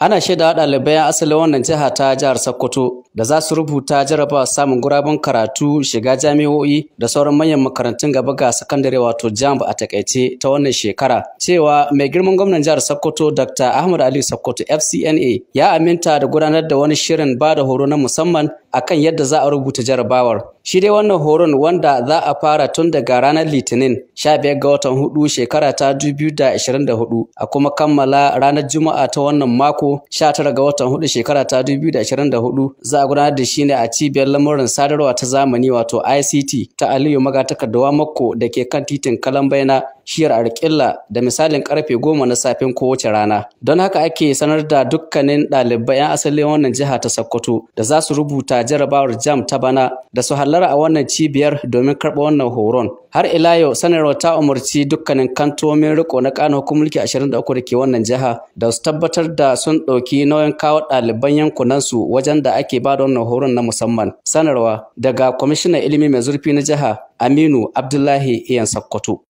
ana shaida ɗalibai asalin wannan jiha ta jihar Sokoto da za su rubuta jarabawa samun guraben karatu shiga jami'o'i da sauran manyan makarantun gaba ga sakandare wato jamb a takaice ta wannan shekara cewa mai girman gwamnan jihar sokoto dr ahmad ali sokoto fcna ya aminta da gudanar da wani shirin ba da horo na musamman akan yadda za a rubuta jarabawar shi dai wannan horon wanda za a fara tun daga ranar litinin 15 ga watan hudu shekara ta 2024 a kuma kammala ranar juma'a ta wannan mako 19 ga watan hudu shekara ta 2024 za a gudanar da shi ne a cibiyar lamurin sadarwa ta zamani wato ICT ta Aliyu Magatakardawa Makko da ke kan titin Kalambaina shiyar arkilla da misalin karfe goma na safen kowace rana don haka ake sanar da dukkanin ɗalibai 'yan asalin wannan jiha ta sokoto da za su rubuta jarabawar jam ta bana da su hallara a wannan cibiyar domin karɓa wannan horon har ila yau sanarwar ta umarci dukkanin kantomin riko na kano hukumulki 23 da ke wannan jiha da su tabbatar da sun ɗauki nauyin kawo ɗaliban yankunansu wajen da ake ba da wannan horon na musamman sanarwa daga kwamishinan ilimi mai zurfi na jiha aminu abdullahi iyan Sokoto.